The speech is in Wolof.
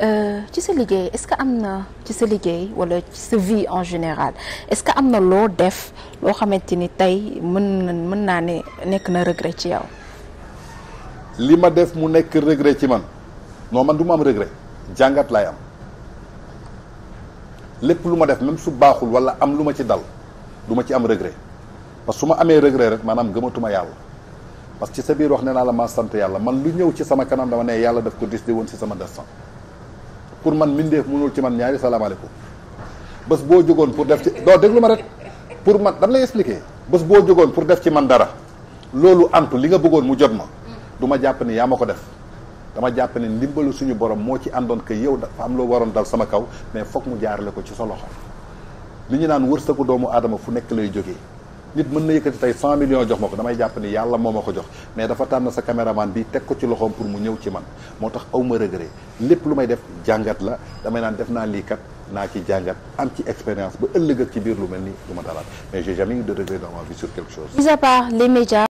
Euh, ci sa liggéey est-ce que am na ci sa liggéey wala ci sa vie en général est-ce que am na loo def loo xamante ni tey mën na mën naa ne nekk na regret ci yow. li ma def mu nekk regret ci man non man duma am regret jàngat laay am lépp lu ma def même su baaxul wala am lu ma ci dal du ma ci am regret parce que su ma amee regret rek maanaam gëmatuma yàlla. parce que ci sa biir wax ne naa la ma sant yàlla man lu ñëw ci sama kanam dama ne yàlla daf ko décidé woon ci sama destin pour man mindeef mënul ci man ñaari salaamaaleykum bés boo jógoon pour def ci doo déglu ma rek pour man dama lay expliquer bés boo jógoon pour def ci man dara loolu antu li nga bëggoon mu jot ma du ma jàpp ne yaa ma ko def dama jàpp ne ndimbalu suñu borom moo ci àndoon que yow dafa am loo waroon dal sama kaw mais foog mu jaarale ko ci sa loxo li ñu naan wërsëgu doomu aadama fu nekk lay jógee nit mën na yëkkati tey cent millions jox ma ko damay jàpp ni yàlla moo ma ko jox mais dafa tànn sa caméraman bi teg ko ci loxoom pour mu ñëw ci man moo tax aw ma regret lépp lu may def jàngat la damay naan def naa lii kat naa ci jàngat am ci expérience ba ëllëg ak ci biir lu mel ni lu ma dalaat mais j'ai jamais eu de regret dans ma vie sur quelque chose. mis à part les médias.